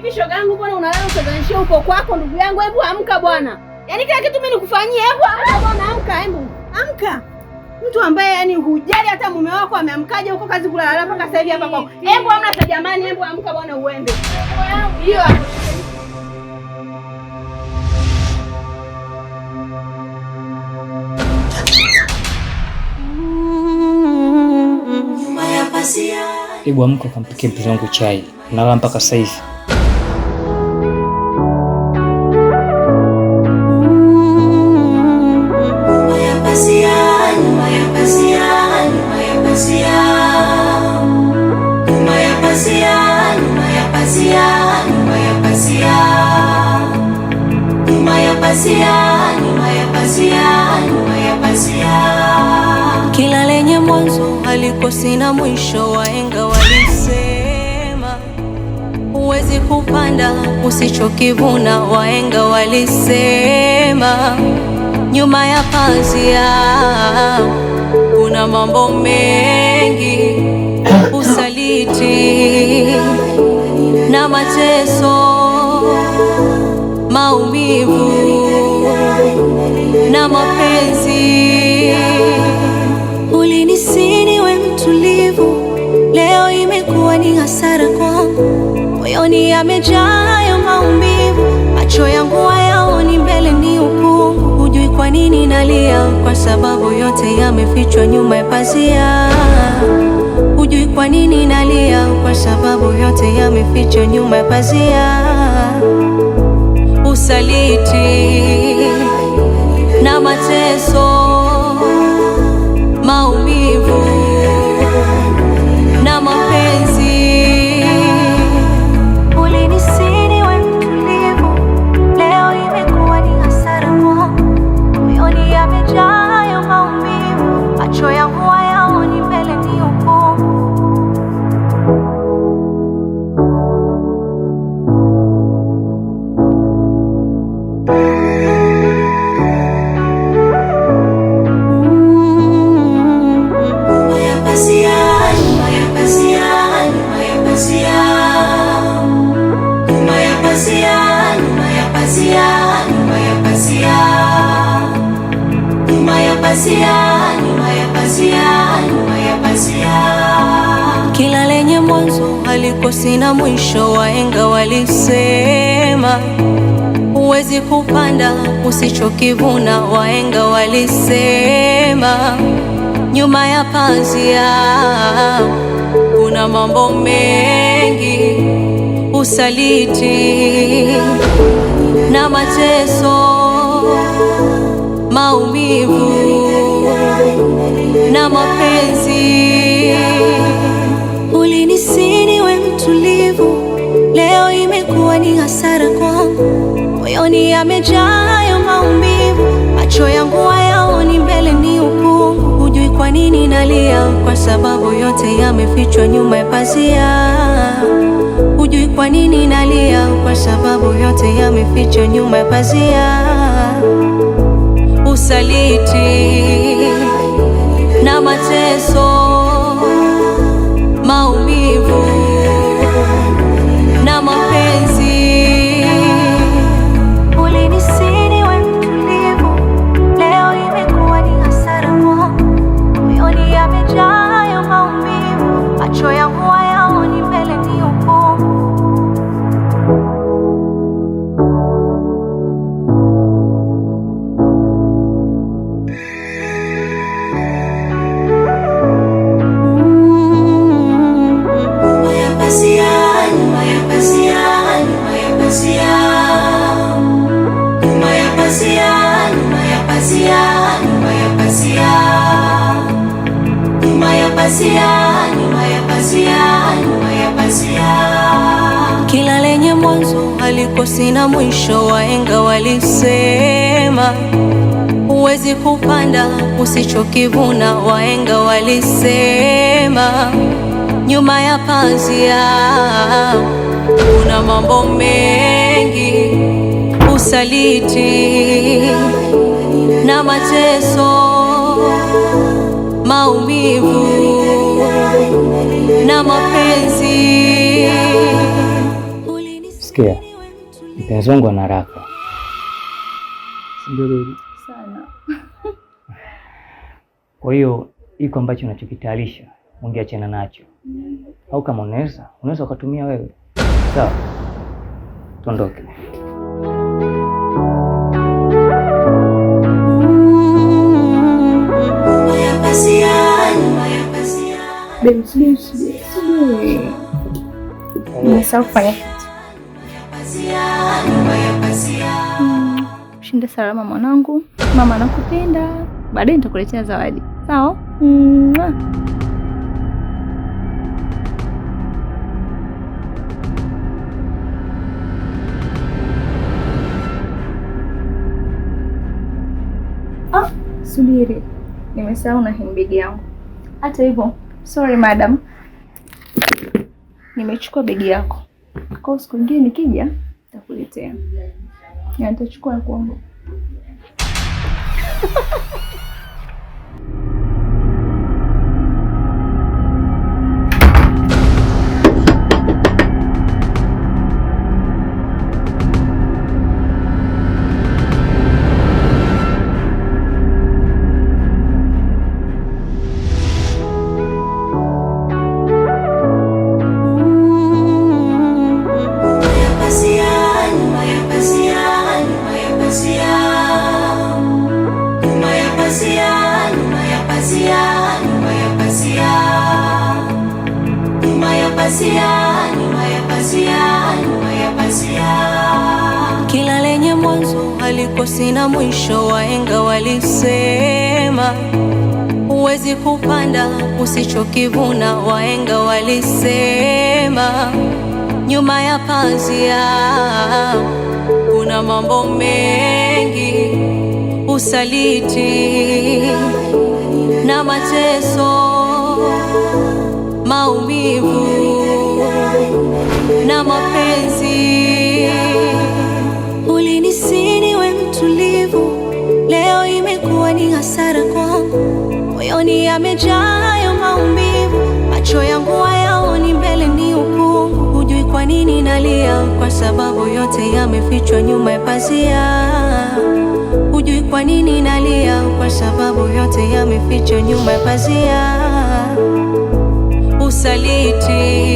Hivi shoga yangu, unalala utazanishia huko kwako, ndugu yangu, hebu amka bwana. Yaani kila kitu mimi nikufanyia, hebu amka bwana, amka, hebu amka. Mtu ambaye yani hujali hata mume wako ameamkaje huko kazi kulala mpaka sasa hivi hapa kwako. Hebu amna sasa jamani, hebu amka bwana uende. Hiyo Hebu amka kampike mpenzi wangu chai, nalala mpaka sasa hivi. pazia, nyuma ya pazia, nyuma ya pazia. Kila lenye mwanzo halikosi na mwisho, waenga walisema. Huwezi kupanda usichokivuna, waenga walisema. Nyuma ya pazia kuna mambo mengi, usaliti na mateso maumivu na mapenzi. Ulinisi niwe mtulivu, leo imekuwa ni hasara kwangu. Moyoni yamejaa ya maumivu, macho yangu hayaoni mbele, ni ukungu. Hujui kwa nini nalia, kwa sababu yote yamefichwa nyuma ya pazia. Hujui kwa nini nalia, kwa sababu yote yamefichwa nyuma ya pazia usaliti na mateso kupanda usichokivuna. waenga walisema nyuma ya pazia kuna mambo mengi, usaliti na mateso, maumivu na mapenzi. Ulinisini we mtulivu, leo imekuwa ni hasara kwangu moyoni yamejaa ya maumivu, macho yangu hayaoni mbele, ni ukungu. Hujui kwa nini nalia, kwa sababu yote yamefichwa nyuma ya pazia. Hujui kwa nini nalia, kwa sababu yote yamefichwa nyuma ya pazia. Usaliti na mateso Ukivuna wahenga walisema, nyuma ya pazia kuna mambo mengi, usaliti na mateso, maumivu na mapenzi. Sikia mpenzi wangu ana haraka kwa hiyo iko ambacho unachokitayarisha ungeachana nacho, au kama unaweza unaweza ukatumia wewe. Sawa, tuondoke. Shinda salama mwanangu, mama anakupenda. Baadaye nitakuletea zawadi. Sawa. Mwah. Subiri, nimesahau na handbag yangu. Hata hivyo, sorry madam, nimechukua begi yako kwa siku nyingine, nikija nitakuletea na nitachukua kwangu. tulichokivuna waenga walisema, nyuma ya pazia kuna mambo mengi, usaliti na mateso, maumivu na mapenzi. Ulinisini we mtulivu, leo imekuwa ni hasara kwangu, moyoni yamejaa macho yangu hayaoni mbele, ni ukungu. Hujui kwa nini nalia, kwa sababu yote yamefichwa nyuma ya pazia. Hujui kwa nini nalia, kwa sababu yote yamefichwa nyuma ya pazia. Usaliti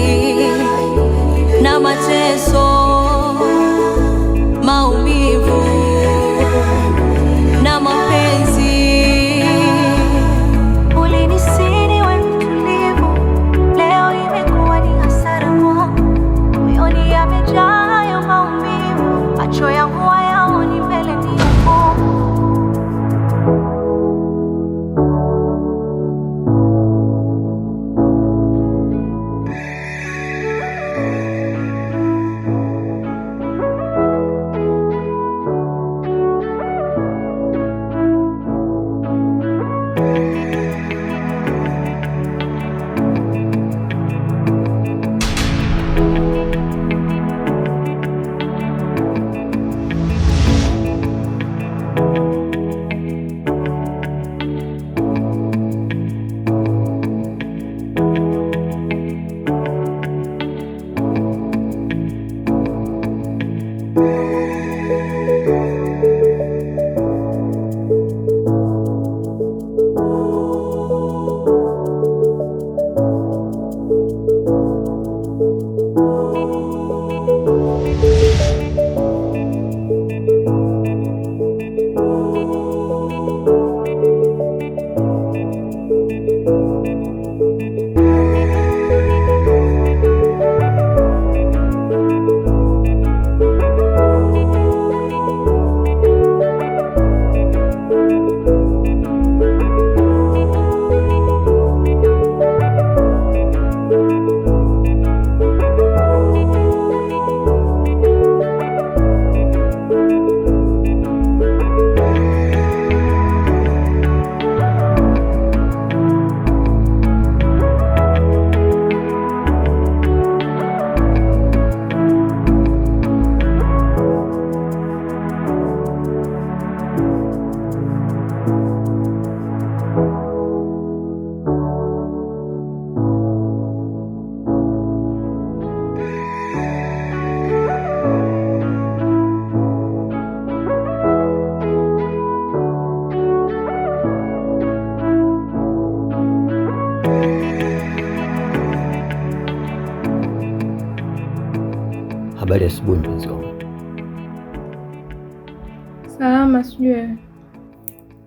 salama, sijui wewe?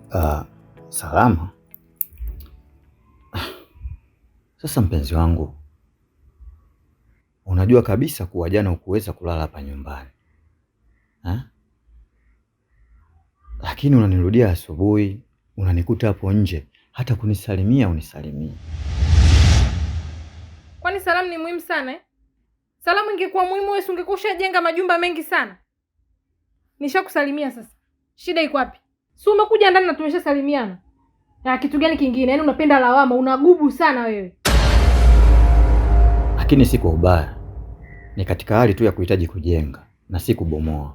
Uh, ah, salama. Sasa mpenzi wangu, unajua kabisa kuwa jana ukuweza kulala hapa nyumbani ha? Lakini unanirudia asubuhi, unanikuta hapo nje, hata kunisalimia unisalimia. Kwani salamu ni muhimu sana eh? Salamu ingekuwa muhimu wewe ungekuwa ushajenga majumba mengi sana. Nishakusalimia sasa Shida iko wapi? Si umekuja ndani na tumeshasalimiana. Na kitu gani kingine? Yaani unapenda lawama, unagubu sana wewe. Lakini si kwa ubaya. Ni katika hali tu ya kuhitaji kujenga na si kubomoa.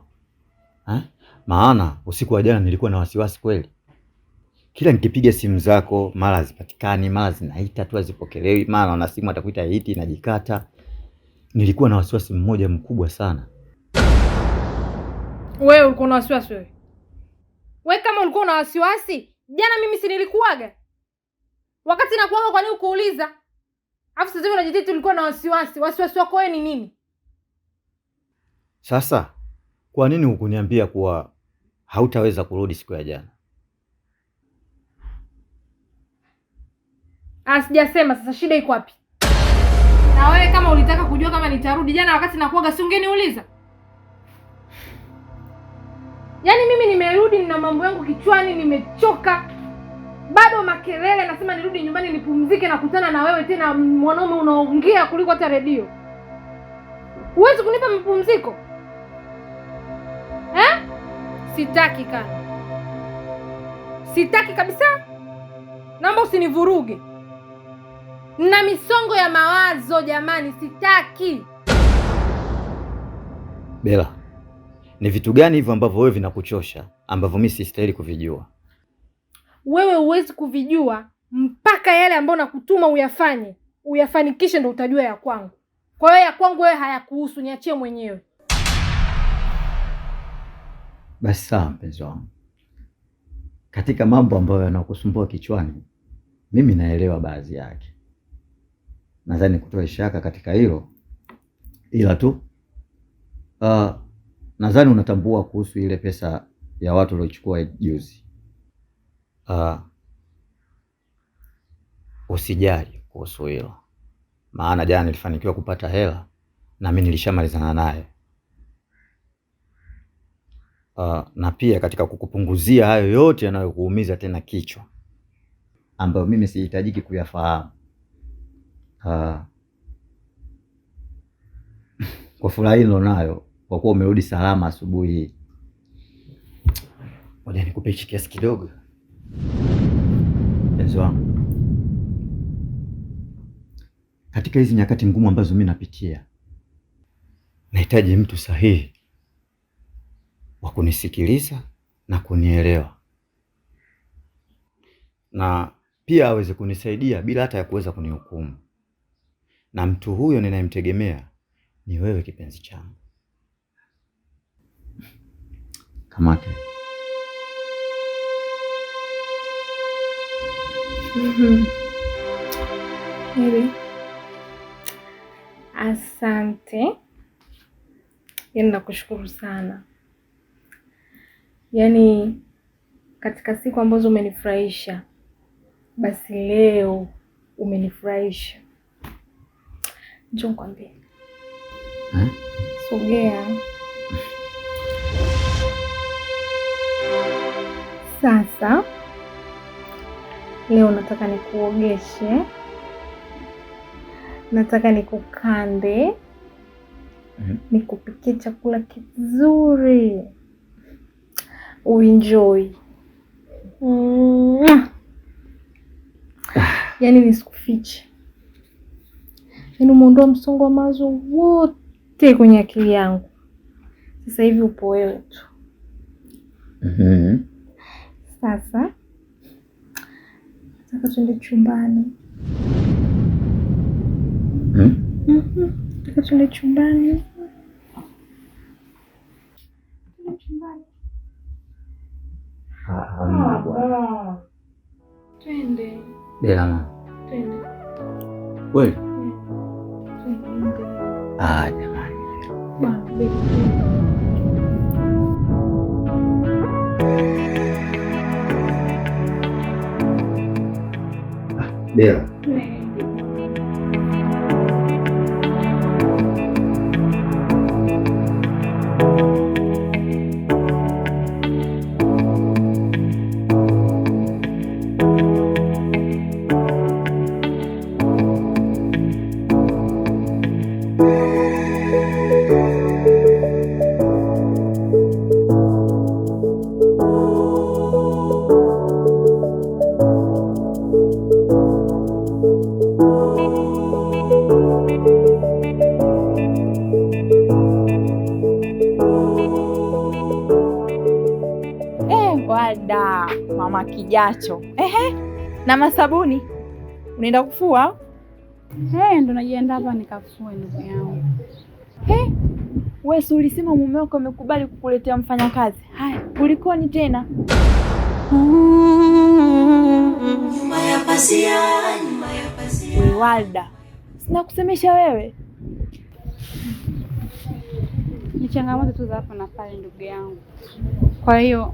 Ha? Eh? Maana usiku wa jana nilikuwa na wasiwasi kweli. Kila nikipiga simu zako mara hazipatikani, mara zinaita tu hazipokelewi, mara na simu atakuita iti inajikata. Nilikuwa na wasiwasi mmoja mkubwa sana. Wewe ulikuwa na wasiwasi wewe? We kama ulikuwa una wasiwasi jana, mimi si nilikuaga wakati nakuaga, kwani ukuuliza? Alafu sasa hivi unajitii tulikuwa na wasiwasi. Wasiwasi wako wewe ni nini? Sasa kwa nini hukuniambia kuwa hautaweza kurudi siku ya jana? Ah, sijasema. Sasa shida iko wapi? Na wewe kama ulitaka kujua kama nitarudi jana wakati nakuaga, si ungeniuliza? Yaani mimi nimerudi, na mambo yangu kichwani, nimechoka bado makelele. Nasema nirudi nyumbani nipumzike, nakutana na wewe tena, mwanaume unaongea kuliko hata redio. Huwezi kunipa mapumziko eh? Sitaki kana, sitaki kabisa. Naomba usinivuruge na misongo ya mawazo jamani, sitaki Bela. Ni vitu gani hivyo ambavyo wewe vinakuchosha ambavyo mimi sistahili kuvijua? Wewe huwezi kuvijua mpaka yale ambayo nakutuma uyafanye, uyafanikishe, ndo utajua ya kwangu. Kwa hiyo ya kwangu wewe hayakuhusu, niachie mwenyewe. Basi sawa, mpenzi wangu, katika mambo ambayo yanakusumbua kichwani, mimi naelewa baadhi yake, nadhani kutoa shaka katika hilo, ila tu uh, nadhani unatambua kuhusu ile pesa ya watu waliochukua juzi. Uh, usijali kuhusu hilo, maana jana nilifanikiwa kupata hela na mimi nilishamalizana naye. Uh, ah, na pia katika kukupunguzia hayo yote yanayokuumiza tena kichwa ambayo mimi sihitajiki kuyafahamu. Uh, kwa furaha hilo nayo kwa kuwa umerudi salama asubuhi hii. Ngoja nikupe hichi kiasi kidogo, mpenzi wangu. Katika hizi nyakati ngumu ambazo mimi napitia, nahitaji mtu sahihi wa kunisikiliza na kunielewa na pia aweze kunisaidia bila hata ya kuweza kunihukumu, na mtu huyo ninayemtegemea ni wewe, kipenzi changu. kamate. Mm -hmm. Asante, yaani nakushukuru sana, yaani katika siku ambazo umenifurahisha, basi leo umenifurahisha. Njoo nikwambie. Eh? Sogea. Sasa leo nataka nikuogeshe, nataka nikukande, mhm. nikupikie chakula kizuri uenjoy. yani ah. Yaani nisikufiche, yaani umeondoa msongo wa mawazo wote kwenye akili yangu. Sasa hivi upo wewe tu. mm -hmm. Sasa nataka tuende chumbani. Hmm? Mhm. Nataka tuende chumbani. Ah, Ah, ah, ah. ah jamani. Yeah. mama kijacho. Ehe, na masabuni unaenda kufua? Hey, ndo najienda hapa nikafue ndugu yangu. Hey, wewe si ulisema mume wako amekubali kukuletea mfanyakazi? Haya, kulikoni tena? Nyuma ya pazia, nyuma ya pazia. Walda, sina kusemesha wewe, ni changamoto tu za hapa na pale ndugu yangu, kwa hiyo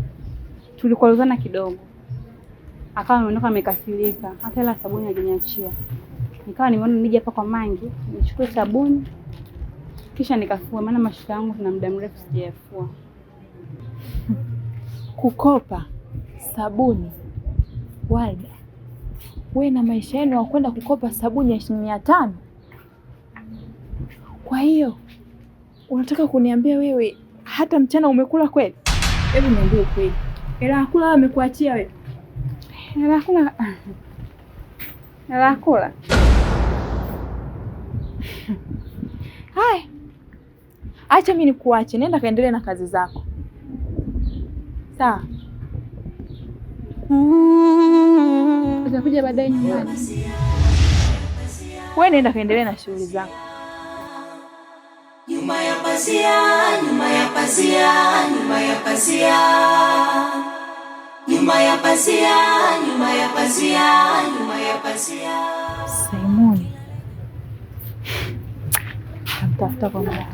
tulikoruzana kidogo akawa ameondoka amekasirika, hata hela sabuni hajaniachia. Nikawa nimeona nije hapa kwa mangi nichukue sabuni kisha nikafua, maana mashuka yangu na muda mrefu sijayafua. Kukopa sabuni Walda, we na maisha yenu wakwenda kukopa sabuni ya shilingi mia tano? Kwa hiyo unataka kuniambia wewe hata mchana umekula kweli? Hebu niambie kweli, hela akula amekuachia wewe? Hela kula. Hela Haya. Acha mimi nikuache. Nenda kaendelee na kazi zako. Sawa. Utakuja baadaye nyumbani. Wewe nenda kaendelee na shughuli zako. Nyuma ya pazia, nyuma ya pazia, nyuma ya pazia pazia, nyuma ya pazia, nyuma ya pazia. Simon. Tafuta kwa muda.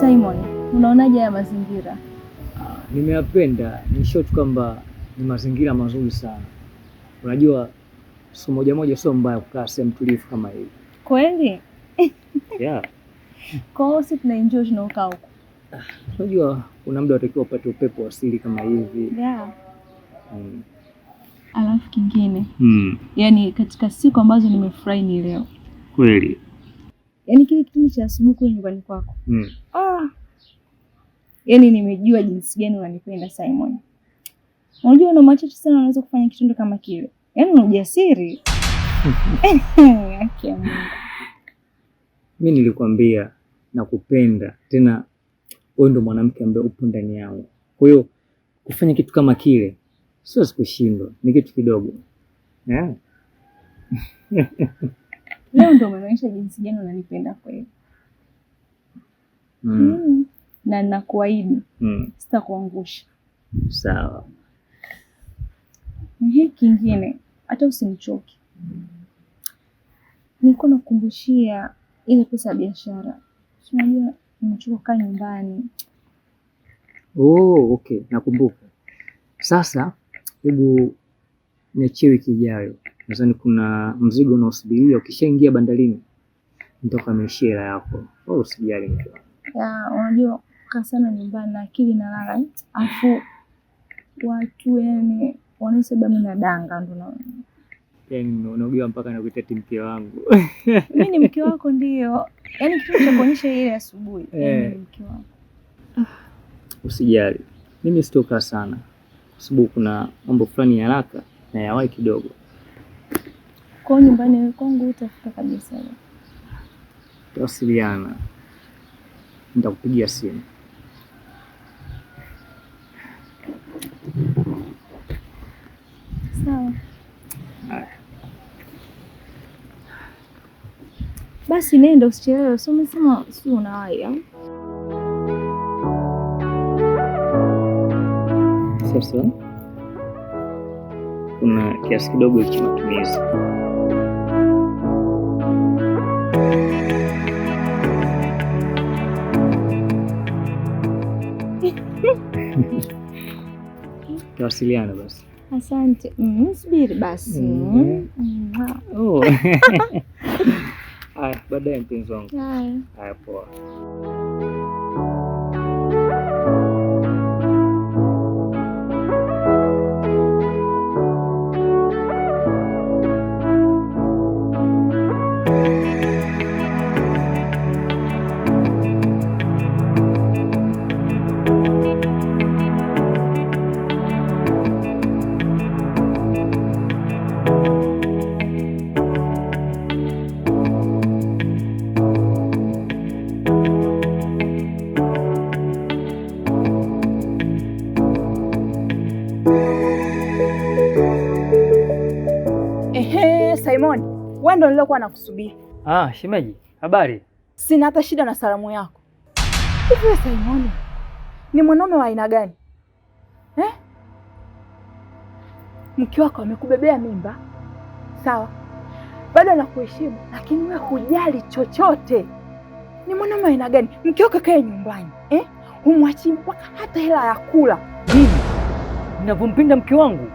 Simon, unaonaje haya mazingira? Uh, nimeyapenda short kwamba ni mazingira mazuri sana. Unajua siku moja moja sio mbaya kukaa sehemu tulivu kama hii. Kweli? yeah kwao si tuna tunaenjoy tunaoka huko. Unajua kuna muda unatakiwa upate upepo wa asili kama hivi. Yeah. Mm. Alafu kingine mm. Yaani katika siku ambazo nimefurahi ni leo kweli, yaani kile kipindi cha asubuhi kule nyumbani kwako mm. Ah. Yaani nimejua jinsi gani unanipenda Simon. Unajua una machache sana unaweza kufanya kitendo kama kile, yaani una ujasiri. Yaani, mi nilikwambia nakupenda, tena wewe ndo mwanamke ambaye upo ndani yangu. Kwa hiyo kufanya kitu kama kile sio kushindwa, ni kitu kidogo yeah. Leo ndo umeonyesha jinsi gani unanipenda kweli. Mm. Mm. Na nakuahidi mm. sitakuangusha. Sawa. Hii kingine hata usinichoki, nilikuwa nakumbushia ile pesa ya biashara, unajua nimechoka kukaa nyumbani. Oh, okay, nakumbuka sasa. Hebu niachie wiki ijayo, nadhani kuna mzigo unaosubiria. Ukishaingia bandarini nitakuhamishia hela yako. Oh, usijali mke wangu, unajua kukaa sana nyumbani na akili nalala, afu watu yani wanasema mimi nadanga, ndo naona yani unaogewa mpaka nakuita eti mke wangu. Mimi ni mke wako ndio, yaani kitu cha kuonyesha ile asubuhi eh, mke wangu. Ah. Usijali, mimi sitokaa sana kwa sababu kuna mambo fulani ya haraka na yawahi kidogo. Kwa nyumbani kwangu utafika kabisa, tawasiliana, nitakupigia simu. Basi nenda usichelewe, si umesema si unawahi au? Sasa kuna kiasi kidogo cha matumizi Tawasiliana basi. Asante. Mm, subiri basi. Mm. Mm. Oh. Haya, baadaye mpenzi wangu. Haya, poa. niliokuwa nakusubiri. Ah, shemeji, habari? Sina hata shida na salamu yako. Hivi Simoni ni mwanaume wa aina gani eh? Mke wako amekubebea mimba, sawa, bado nakuheshimu, lakini wewe hujali chochote. Ni mwanaume wa aina gani? Mke wako kae nyumbani eh? Humwachii mpaka hata hela ya kula. Mimi ninavyompenda mke wangu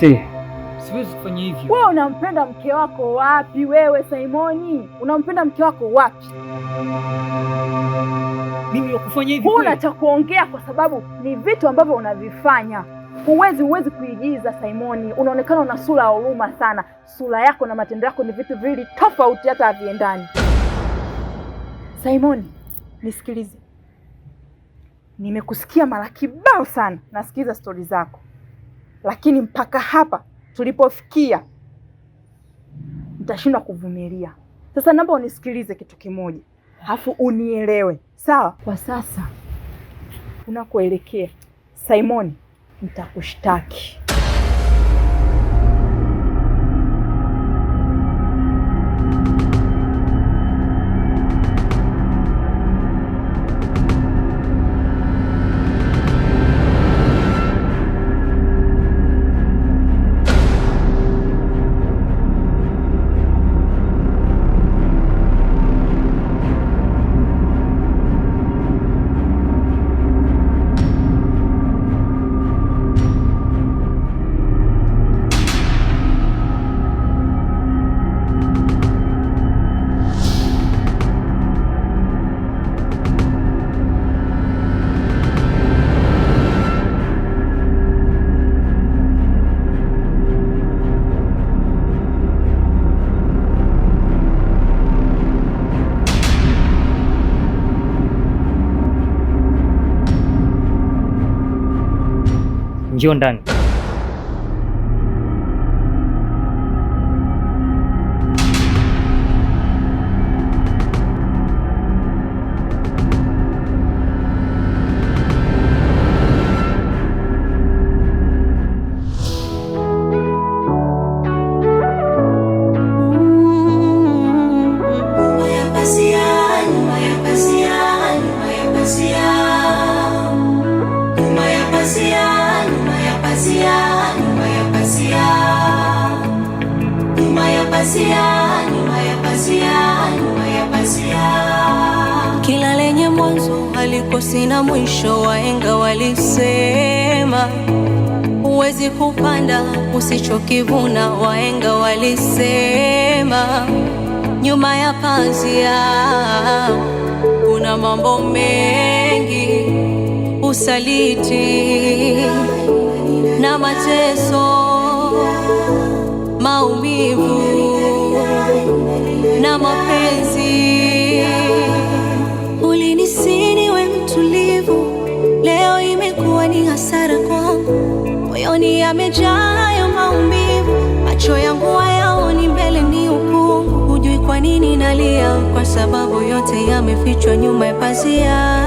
Si. Siwezi kufanya hivyo. Wewe unampenda mke wako wapi? Wewe Simoni, unampenda mke wako wapi? Mimi nakufanya hivyo. Huna cha kuongea kwa sababu ni vitu ambavyo unavifanya. Huwezi huwezi kuigiza Simoni, unaonekana una sura ya huruma sana. Sura yako na matendo yako ni vitu viwili tofauti, hata haviendani. Simoni, nisikilize. Nimekusikia mara kibao sana, nasikiliza stori zako lakini mpaka hapa tulipofikia nitashindwa kuvumilia. Sasa naomba unisikilize kitu kimoja, alafu unielewe sawa. Kwa sasa unakoelekea Simon, nitakushtaki ji pazia, nyuma ya pazia, nyuma ya pazia. Kila lenye mwanzo halikosi na mwisho, waenga walisema. Huwezi kupanda usichokivuna, waenga walisema. Nyuma ya pazia kuna mambo mengi, usaliti na mateso maumivu na mapenzi. Ulinisini we mtulivu, leo imekuwa ni hasara kwangu. Moyoni yamejaa hayo maumivu, macho yangu hayaoni mbele, ni ukungu. Hujui kwa nini nalia, kwa sababu yote yamefichwa nyuma ya pazia.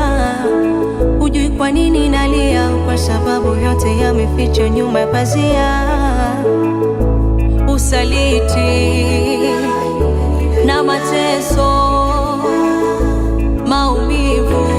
Hujui kwa nini nalia, kwa sababu yote yamefichwa nyuma ya pazia usaliti na mateso, maumivu